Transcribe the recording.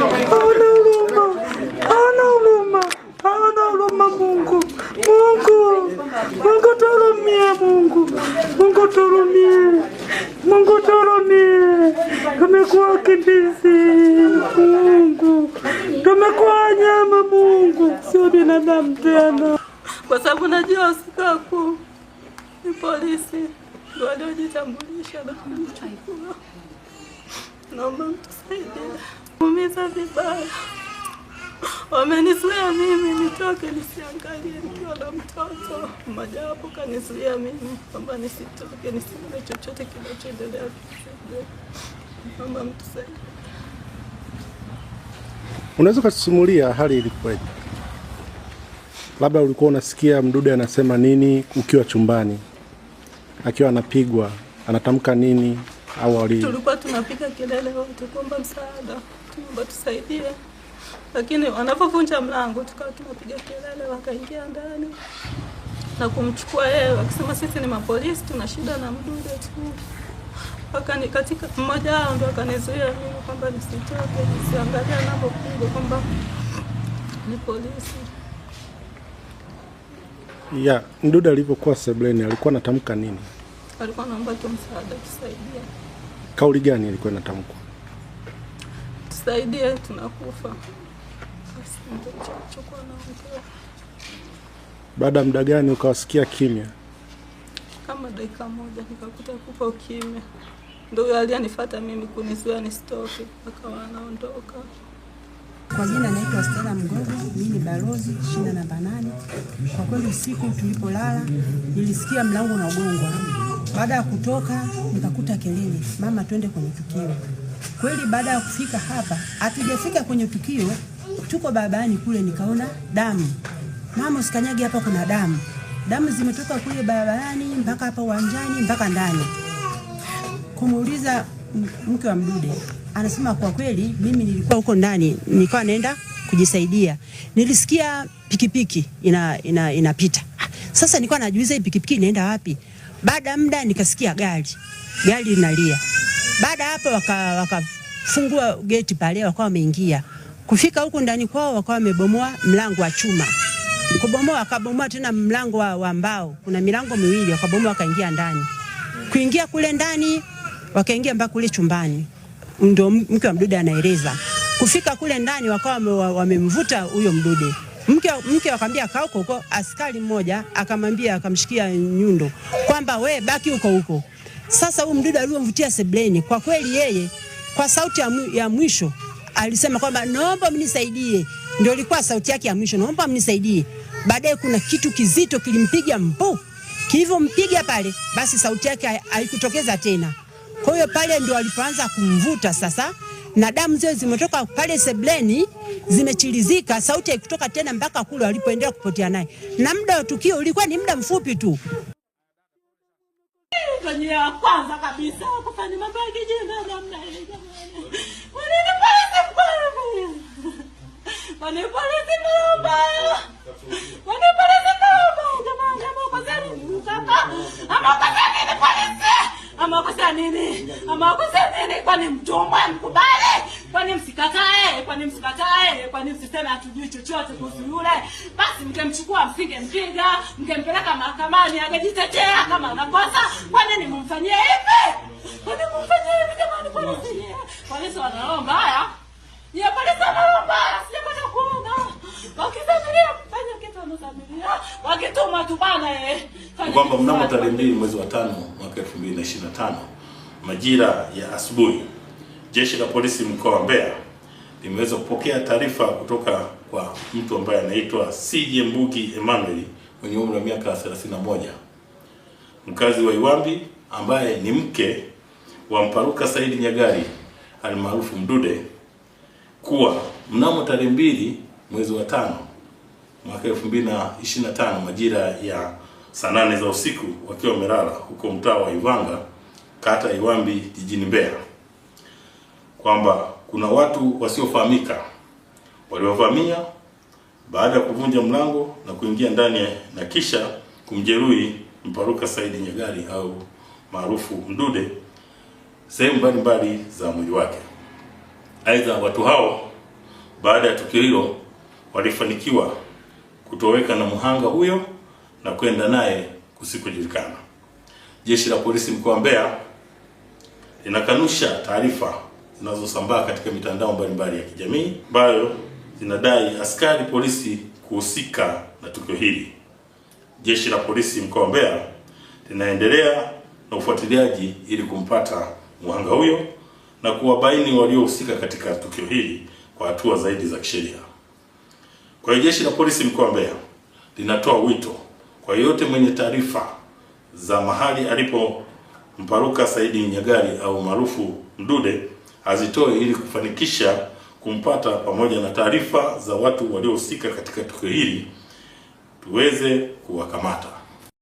Oh no Luma, Mungu, Mungu, Mungu turumie, Mungu, Mungu turumie, Mungu turumie, tumekuwa wakimbizi Mungu, tumekuwa wanyama Mungu, sio binadamu tena, kwa sababu najua hospitali polisi ndio waliojitambulisha Naomba mtusaidie vibaya. Wamenizuia mimi nitoke nisiangalie nikiwa na mtoto. Mmoja wapo kanizuia mimi kwamba nisitoke nisione chochote kinachoendelea. Mama, mtusaidie. Unaweza ukatusimulia hali ilikuwaje? Labda ulikuwa unasikia Mdude anasema nini ukiwa chumbani, akiwa anapigwa, anatamka nini? Au tulikuwa tunapiga kelele wote kuomba msaada tunaomba tusaidie. Lakini wanapovunja mlango, tukawa tunapiga kelele, wakaingia ndani na kumchukua yeye, wakisema sisi ni mapolisi, tuna shida na Mdude tu. Wakani katika mmoja wao ndo akanizuia mimi kwamba nisitoke, nisiangalie anapopigwa kwamba ni polisi. Ya Mdude alipokuwa sebleni alikuwa anatamka nini? Alikuwa anaomba tu msaada, tusaidia. Kauli gani ilikuwa inatamkwa? tusaidie, tunakufa. Baada ya muda gani ukawasikia kimya? Kama dakika moja nikakuta kupa ukimya, huyo aliyenifuata mimi kunizuia nisitoke, akawa anaondoka. Kwa jina naitwa Stella Mgogo, mimi ni balozi shina namba nane. Kwa kweli usiku tulipolala nilisikia mlango unagongwa. Baada ya kutoka nikakuta kelele, mama, twende kwenye tukio. Kweli baada ya kufika hapa, hatujafika kwenye tukio, tuko barabarani kule, nikaona damu. Mama, usikanyage hapa, kuna damu. Damu zimetoka kule barabarani mpaka hapa uwanjani mpaka ndani. Kumuuliza mke wa Mdude, anasema kwa kweli mimi nilikuwa huko ndani, nilikuwa naenda kujisaidia, nilisikia pikipiki ina, ina, inapita. Sasa nilikuwa najiuliza hii pikipiki inaenda wapi? Baada ya muda nikasikia gari, gari linalia baada hapo wakafungua waka geti pale, wakawa wameingia. Kufika huku ndani kwao, wakawa wamebomoa mlango wa chuma, kubomoa wakabomoa tena mlango wa, wa mbao. Kuna milango miwili, wakabomoa wakaingia ndani. Kuingia kule ndani, wakaingia mpaka kule chumbani, ndio mke wa Mdude anaeleza. Kufika kule ndani, wakawa wamemvuta huyo Mdude mke, mke akamwambia kaa huko huko. Askari mmoja akamwambia akamshikia nyundo kwamba we baki huko huko sasa huyu mdudu aliyomvutia sebleni, kwa kweli yeye kwa sauti ya mwisho alisema kwamba naomba mnisaidie, ndio ilikuwa sauti yake ya mwisho, naomba mnisaidie. Baadaye kuna kitu kizito kilimpiga mpu, mpiga pale, basi sauti yake haikutokeza tena. Kwa hiyo pale ndio alipoanza kumvuta sasa, na damu zile zimetoka pale sebleni zimechirizika, sauti haikutoka tena mpaka kule alipoendelea kupotea naye, na muda wa tukio ulikuwa ni muda mfupi tu kwenye ya kwanza kabisa kufanya mambo ya kijinga namna ile jamani. Maneno polisi mbaya. Maneno polisi mbaya. Maneno polisi mbaya jamani, ama kwa nini mtaka? Ama kwa nini polisi? Ama kwa nini? Ama kwa nini kwani mtumwa mkubali? Kwani msikatae? Kwani msikatae? Kwani msiseme hatujui chochote kuhusu yule? Basi mkemchukua msingempiga, mkempeleka Kamani akajitetea kama anakosa, kwa nini mumfanyie hivi? Kwa nini mumfanyie hivi jamani? Kwa nini? Polisi wanaomba haya. Ni polisi wanaomba haya, sijapata kuona. Wakidhamiria kufanya kitu wanadhamiria. Wakituma tu bana eh. Kwamba mnamo tarehe mbili mwezi wa tano mwaka 2025 majira ya asubuhi jeshi la polisi mkoa wa Mbeya limeweza kupokea taarifa kutoka kwa mtu ambaye anaitwa CJ Mbugi Emmanuel mwenye umri wa miaka 31 mkazi wa Iwambi ambaye ni mke wa mparuka Saidi Nyagari almaarufu Mdude kuwa mnamo tarehe mbili mwezi wa tano mwaka 2025 majira ya saa nane za usiku wakiwa wamelala huko mtaa wa Ivanga kata Iwambi jijini Mbeya, kwamba kuna watu wasiofahamika waliovamia baada ya kuvunja mlango kuingia ndani na kisha kumjeruhi Mparuka Saidi Nyagali au maarufu Mdude sehemu mbalimbali za mwili wake. Aidha, watu hao baada ya tukio hilo walifanikiwa kutoweka na mhanga huyo na kwenda naye kusikojulikana. Jeshi la polisi mkoa wa Mbeya linakanusha taarifa zinazosambaa katika mitandao mbalimbali ya kijamii ambayo zinadai askari polisi kuhusika na tukio hili. Jeshi la polisi mkoa wa Mbeya linaendelea na ufuatiliaji ili kumpata mhanga huyo na kuwabaini waliohusika katika tukio hili kwa hatua zaidi za kisheria. Kwa hiyo jeshi la polisi mkoa wa Mbeya linatoa wito kwa yeyote mwenye taarifa za mahali alipo Mparuka Saidi Nyagali au maarufu Mdude azitoe ili kufanikisha kumpata pamoja na taarifa za watu waliohusika katika tukio hili tuweze kuwakamata.